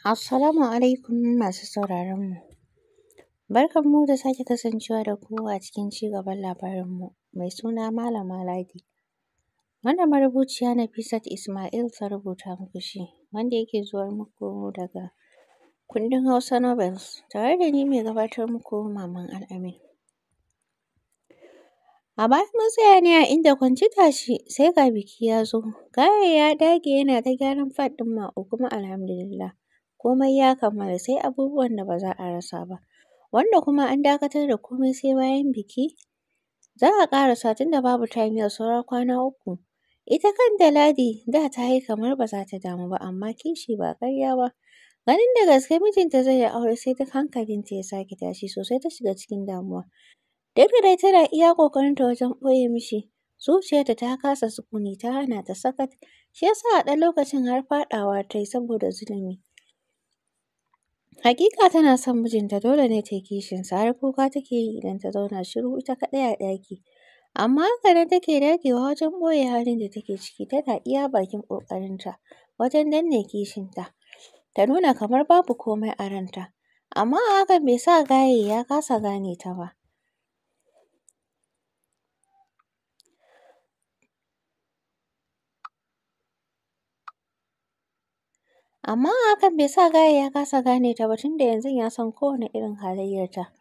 Assalamu alaikum masu sauraron mu. Barkan mu da sake kasancewa da ku a cikin cigaban labarin mu mai suna Malama Ladi. Wannan marubuciya Nafisat Ismail ta rubuta muku shi wanda yake zuwar muku daga kundin Hausa Novels tare da ni mai gabatar muku Maman Al'amin. A bayan mun tsaya ne a inda kwanci tashi sai ga biki ya zo. Gaya ya dage yana ta gyaran faɗin ma, kuma alhamdulillah. komai ya kammala sai abubuwan da ba za a rasa ba. Wanda kuma an dakatar da komai sai bayan biki za a ƙarasa da babu time sauran saura kwana uku. Ita kanta Ladi da ta yi kamar ba za ta damu ba amma kishi ba karya ba. Ganin da gaske mijinta zai yi aure sai duk hankalinta ya sake tashi sosai ta shiga cikin damuwa. Duk dai tana iya ƙoƙarinta wajen ɓoye mishi zuciyarta ta kasa sukuni ta hana ta sakat. Shi ya sa a ɗan lokacin har faɗawa ta yi saboda zulumi. Hakika tana son mijinta dole ne ta kishin, kishinsa har kuka take yi idan ta zauna shiru ita kadai a ɗaki. Amma haka nan take dagewa wajen ɓoye halin da take ciki tana iya bakin ƙoƙarinta wajen danne kishinta ta nuna kamar babu komai a ranta. Amma hakan bai sa Gaye ya kasa gane ta ba. Amma hakan bai sa gaya ya kasa gane ta ba da yanzu ya san kowane irin halayyarta.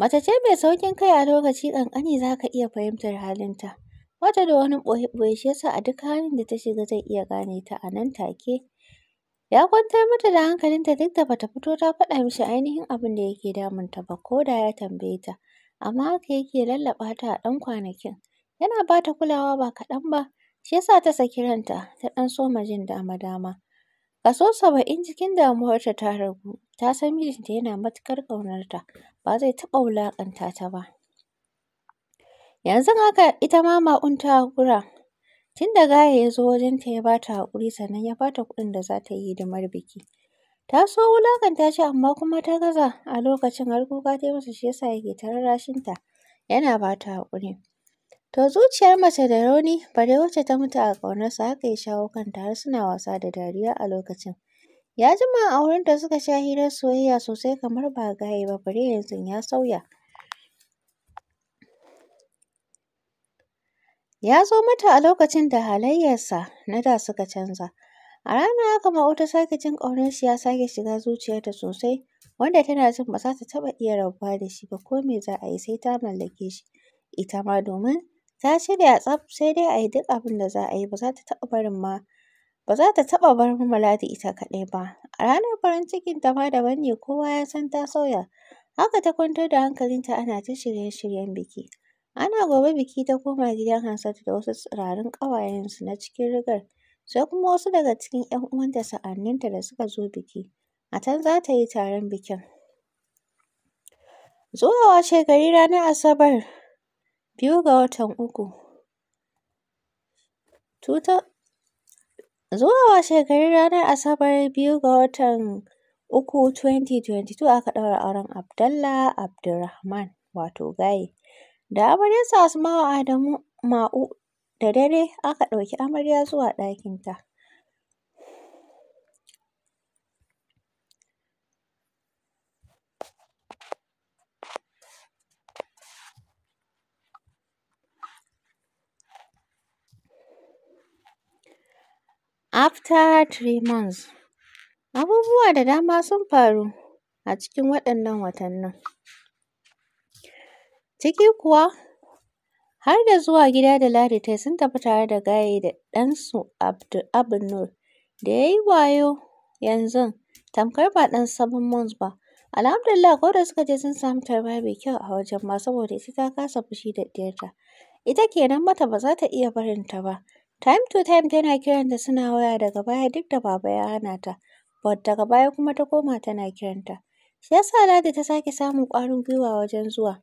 Mace ce mai saukin kai a lokaci ƙanƙani za ka iya fahimtar halinta. Wata da wani ɓoye-ɓoye shi ya a duk halin da ta shiga zai iya gane ta a nan take. Ya kwantar mata da hankalinta duk da bata fito ta faɗa mishi ainihin abin da yake ta ba ko da ya tambaye ta. Amma haka yake lallaɓa ta a ɗan kwanakin. Yana bata kulawa ba kaɗan ba. Shi yasa ta saki ranta ta ɗan soma jin dama-dama. Kaso saba'in cikin damuwarta ta ragu, ta san mijinta yana matuƙar ƙaunarta, ba zai taɓa wulaƙanta ta ba. Yanzu haka ita ma Ma'un ta haƙura, Tunda da Gaya ya zo wajenta ya ba ta haƙuri sannan ya ba kuɗin da za ta yi hidimar biki. Ta so wulaƙanta shi amma kuma ta gaza a lokacin har kuka ta yi masa shi ya sa yake ta rarrashinta yana ba ta haƙuri. To zuciyar mace da rauni bare wacce ta mutu a ƙaunarsa haka ya shawo kanta har suna wasa da dariya a lokacin. Ya jima a da suka sha hirar soyayya sosai kamar ba gaye ba bare yanzu ya sauya. Ya zo mata a lokacin da halayyarsa na da suka canza. A ranar haka Ma'u ta sake jin ƙaunarshi ya sake shiga zuciyarta sosai wanda tana jin ba za ta taɓa iya rabuwa da shi ba ko me za a yi sai ta mallake shi ita ma domin Ta shirya tsaf sai dai ayi duk abin da za yi ta taɓa barin ma ba taɓa bar Maladi ita kaɗai ba. A ranar farin cikin ta ma daban ne kowa ya san ta sauya. Haka ta kwantar da hankalinta ana ta shirye-shiryen biki. Ana gobe biki ta koma gidan Hansatu da wasu tsirarun ƙawayensu na cikin rigar sai kuma wasu daga cikin ‘yan uwanta sa'anninta da suka zo biki. A can za ta yi taron bikin. Zuwa gari ranar Asabar biyu ga watan uku tuta zuwa shekaru ranar asabar biyu ga watan uku 2022 aka ɗaura auren Abdallah Abdulrahman wato gaye da amaryarsa Asma'u Adamu Ma'u da dare aka ɗauki amarya zuwa ɗakinta. After three months, abubuwa da dama sun faru a cikin waɗannan watannin, ciki kuwa har da zuwa gida da Ladi ta sun tafi tare da Gaye da ɗansu Abdul da ya yi wayo yanzu tamkar ba ɗan sabon Mons ba. Alhamdulillah ko da suka je sun samu tarba mai kyau a wajen ma saboda ita ta kasa fushi da ɗiyarta. Ita kenan mata ba za ta iya barinta ba. Time to time tana kiranta suna waya daga baya duk da baba ya hana ta. But daga baya kuma ta koma tana kiranta. Shi yasa Ladi ta sake samun ƙwarin gwiwa wajen zuwa.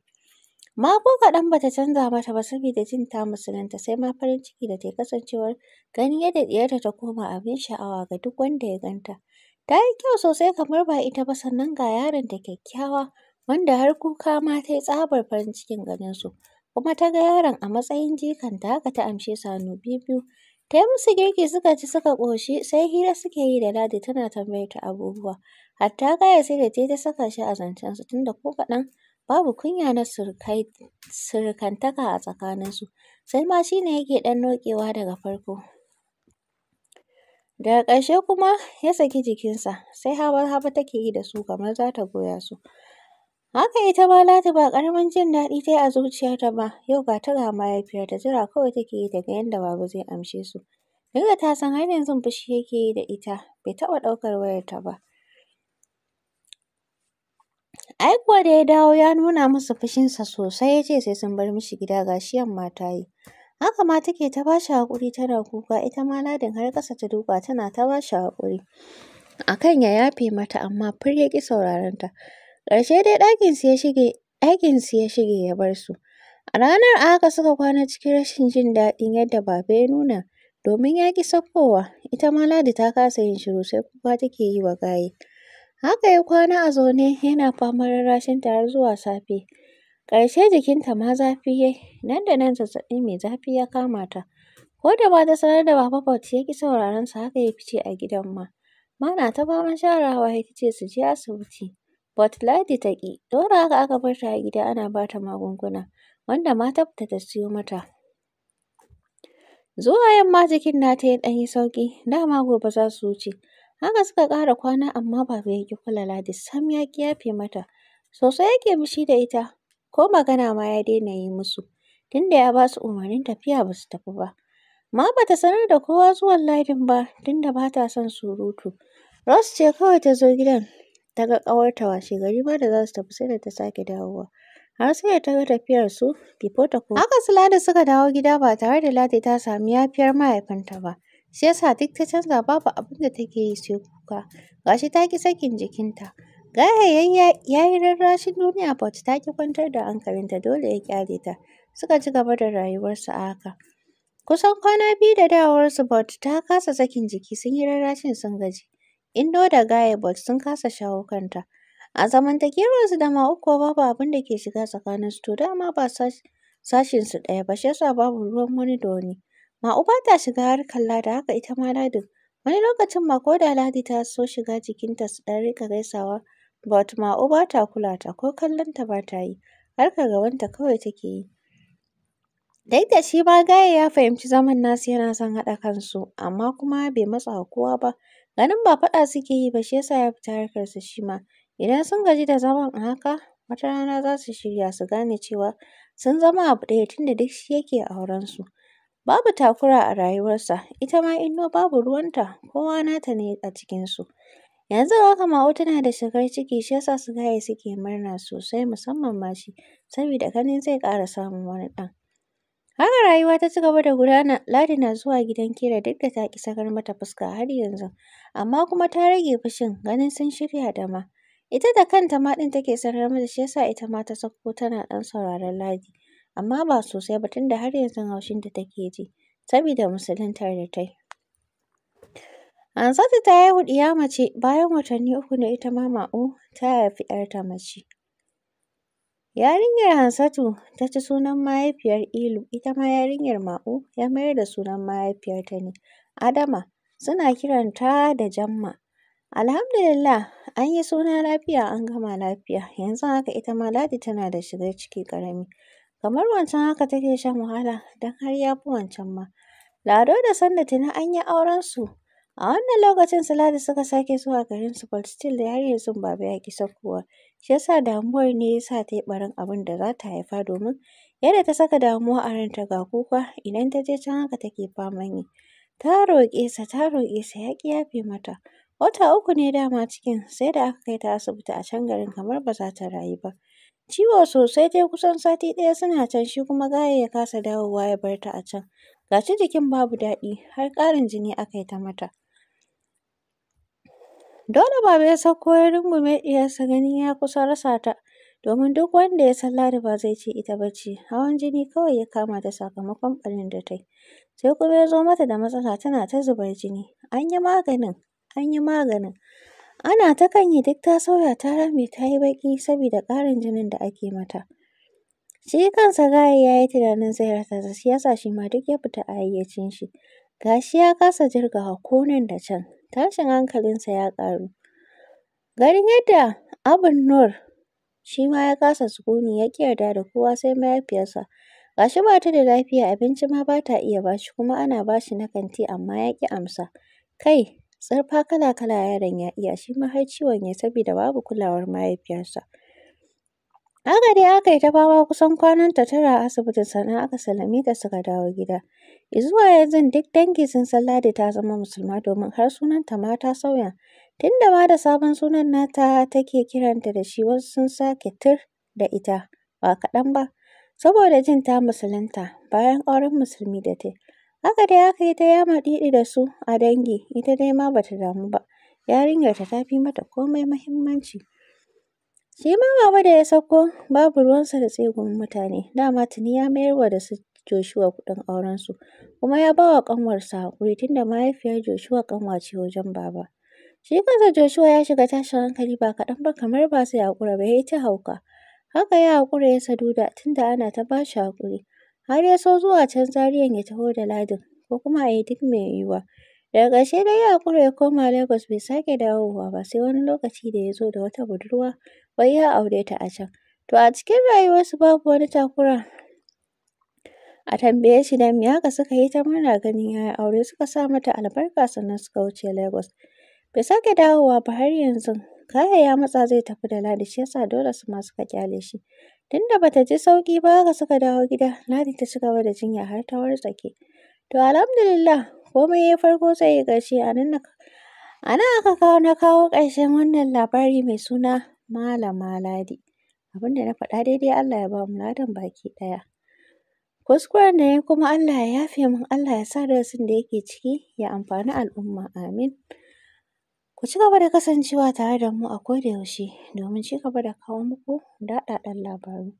Ma ko kaɗan ba ta canza mata ba saboda jin ta musulunta sai ma farin ciki da ta kasancewar ganin yadda ɗiyarta ta koma abin sha'awa ga duk wanda ya ganta. Ta yi kyau sosai kamar ba ita ba sannan ga ta kyakkyawa wanda har kuka ma ta yi tsabar farin cikin ganin su kuma ta ga yaron a matsayin jikanta haka ta amshe su hannu biyu-biyu. Ta yi musu girki suka ci suka ƙoshi sai hira suke yi da Ladi tana tambayar ta abubuwa. Hatta kaya sai da ta ta saka shi a zancen zancensu tunda ko kaɗan babu kunya na surukantaka a tsakaninsu. Sai ma shi ne yake ɗan noƙewa daga farko. Daga ƙarshe kuma ya saki jikinsa sai haba-haba take yi da su kamar za ta goya su. Haka ita ma Ladi ba ƙaramin jin daɗi ta yi a zuciyarta ba, yau ga ta ga mahaifiyarta jira kawai take yi daga yanda yadda Baba zai amshe su. Duk ta san har yanzu fushi yake yi da ita, bai taɓa ɗaukar wayarta ba. Ai kuwa da ya dawo ya nuna musu fushinsa sosai ya ce sai sun bar mishi gida ga shi yamma ta yi. Haka ma take ta ba shi haƙuri tana kuka, ita ma Ladin har ƙasa ta duka tana ta ba shi haƙuri. A kan ya yafe mata amma fur ya ƙi sauraron ta. Ƙarshe dai ɗakinsu ya shige ɗakinsu ya shige ya bar su. A ranar a haka suka kwana cikin rashin jin daɗin yadda Baba ya nuna domin ya ƙi saukowa, ita ma Ladi ta kasa yin shiru sai kuka take yi wa gaye. Haka ya kwana a zaune yana faman rashin har zuwa safe. Ƙarshe jikinta ma zafi ya nan da nan zazzaɓi mai zafi ya kama ta. Ko da ba ta sanar da Baba Bauchi ya ƙi sauraron su haka ya fice a gidan ma. na ta faman ya hawaye ce su je asibiti. But ta ƙi, dole haka aka bar ta a gida ana ba ta magunguna, wanda ma ta ta siyo mata. Zuwa yamma jikin nata ya ɗan yi sauƙi, dama gobe za su wuce. Haka suka ƙara kwana amma Baba ya kula Ladi sam ya ƙi mata. Sosai yake fushi da ita, ko magana ma ya daina yi musu, tunda ya ba su umarnin tafiya ba su tafi ba. Ma ba ta sanar da kowa zuwan Ladin ba, tunda ba ta son surutu. Rose ce kawai ta zo gidan, ta ga ƙawarta gari ma da za su tafi sai da ta sake dawowa. Har sai da ta ga tafiyarsu before ta koma. Haka su Ladi suka dawo gida ba tare da Ladi ta sami yafiyar mahaifinta ba. Shi ya duk ta canza babu abin da take yi sai kuka. Gashi ta ki sakin jikinta. Gaya ya yi rarrashin duniya ba ta ki kwantar da hankalinta dole ya kyale ta. Suka ci gaba da rayuwarsu a haka. Kusan kwana biyu da dawowarsu but ta kasa sakin jiki sun yi rarrashin sun gaji. Indo da Gaye sun kasa shawo kanta. A su da Moko babu abin da ke shiga tsakanin su, to dama ba sashensu ɗaya ba shi ya babu ruwan wani da wani. Ma'u ba ta shiga harkar Ladi haka ita ma Ladin. Wani lokacin ma ko da Ladi ta so shiga jikinta su ɗan riƙa gaisawa but Ma'u ba ta kula ta ko kallonta ba ta yi, harkar gabanta kawai take yi. Duk da shi ma Gaye ya fahimci zaman nasu yana son haɗa kansu amma kuma bai matsa kowa ba. Ganin ba faɗa suke yi ba shi ya sa ya fita harkarsa shi ma. Idan sun gaji da zaman a haka, wata rana za su shirya su gane cewa sun zama abu ɗaya tunda duk shi yake aurensu. Babu takura a rayuwarsa, ita ma Inno babu ruwanta, kowa nata ne a cikinsu. Yanzu haka Ma'u tana da shigar ciki shi ya sa gaya suke murna sosai musamman ma shi, saboda ganin zai ƙara samun wani ɗan. Haka rayuwa ta ci gaba da gudana, Ladi na zuwa gidan Kira duk da ta ƙi sakar mata fuska har yanzu, amma kuma ta rage fushin ganin sun shirya da ma. Ita da kanta ma ɗin take sanar mata shi ya sa ita ma ta sauko tana ɗan sauraron Ladi, amma ba sosai ba tunda har yanzu haushin da take ji sabida musuluntar da ta yi. Hanzatu ta haihu ɗiya mace bayan watanni uku da ita ma Ma'u ta haifi ‘yarta mace. Yarinyar Hansatu ta ci sunan mahaifiyar Ilu, ita ma yarinyar Ma'u ya mayar da sunan mahaifiyar ta ne Adama, suna kiranta da Jamma. Alhamdulillah an yi suna lafiya an gama lafiya, yanzu haka ita ma Ladi tana da shigar ciki ƙarami. Kamar wancan haka take shan wahala don har ya fi wancan ma. Lado da Sanda tuni an yi aurensu. A wannan lokacin salatu suka sake zuwa garinsu but still da har yanzu Baba ya ki saukowa. Shi yasa damuwar ne yasa sa ta yi barin abin da za ta haifa domin yadda ta saka damuwa a ranta ga kuka idan ta je can haka take faman yi. Ta roƙe sa ta roƙe sa ya ƙi yafe mata. Wata uku ne dama cikin sai da aka kai ta asibiti a can garin kamar ba za ta rayu ba. Ciwo sosai dai kusan sati ɗaya suna can shi kuma Gaye ya kasa dawowa ya bar ta a can. Ga shi jikin babu daɗi har ƙarin jini aka yi ta mata. Dole baba ya sauko ya rungume diyarsa ganin ya kusa rasa ta. Domin duk wanda ya san Ladi ba zai ci ita ba ce, hawan jini kawai ya kama ta sakamakon ɓarin da ta yi. Sai kuma ya zo mata da matsala tana ta zubar jini. An yi maganin, an yi maganin. Ana ta yi duk ta sauya ta rame ta yi baƙi saboda ƙarin jinin da ake mata. Shi kansa gaya ya yi tunanin zai rasa ta, shi shi ma duk ya fita a hayyacin shi. Gashi ya kasa jirgawa ko nan da can. tashin hankalinsa ya ƙaru. Garin yadda Abun Nur shi ma ya kasa sukuni ya ƙi yarda da kowa sai mahaifiyarsa. Ga shi ba ta da lafiya abinci ma ba ta iya ba shi kuma ana ba shi na kanti amma ya ƙi amsa. Kai tsirfa kala-kala yaron ya iya shi ma har ciwon ya yi sabida babu kulawar mahaifiyarsa. Haka dai aka yi ta fama kusan kwananta tara a asibitin sannan aka sallame ta suka dawo gida. Izuwa yanzu duk dangi sun san Ladi ta zama musulma domin har sunanta ma ta sauya, Tunda ba ma da sabon sunan nata take kiranta da shi wasu sun sake tir da ita ba kaɗan ba, saboda jin ta musulunta bayan auren musulmi da ta Haka dai aka yi ta yama ɗiɗi da su a dangi, ita dai ma bata damu ba, Yarinyar ta tafi mata komai mahimmanci Shi ma Baba da ya sauko babu ruwansa da tsegumin mutane, dama tuni ya mayarwa da su Joshua kuɗin aurensu kuma ya ba wa ƙanwarsa haƙuri tunda mahaifiyar Joshua ƙanwa ce wajen baba. Shi kansa Joshua ya shiga tashin hankali ba kaɗan ba kamar ba zai haƙura ba ya yi ta hauka. Haka ya haƙura ya saduda tunda ana ta ba shi hakuri. Har ya so zuwa can Zariyan ya taho da ladin ko kuma a yi duk mai yiwuwa. Daga ƙarshe dai ya haƙura ya koma Lagos bai sake dawowa ba sai wani lokaci da ya zo da wata budurwa wai ya aure ta a can. To a cikin rayuwarsu babu wani takura a tambaye shi dan me haka suka yi ta murna ganin 'ya'yan aure suka sa mata albarka sannan suka wuce Lagos. Bai sake dawowa ba har yanzu. Kaya ya matsa zai tafi da Ladi shi yasa dole su ma suka kyale shi. Tunda bata ji sauki ba haka suka dawo gida Ladi ta ci gaba da jinya har ta warzake To alhamdulillah komai ya farko sai ya gashi a nan a nan aka kawo na kawo ƙarshen wannan labari mai suna Malama Ladi. Abinda na faɗa daidai Allah ya ba mu ladan baki ɗaya. Kuskuren da ya kuma Allah ya yafe min, Allah ya sa darasin da yake ciki ya amfani al'umma, amin. Ku ci gaba da kasancewa tare da mu a yaushe, domin ci gaba da kawo muku daɗaɗɗen labaru.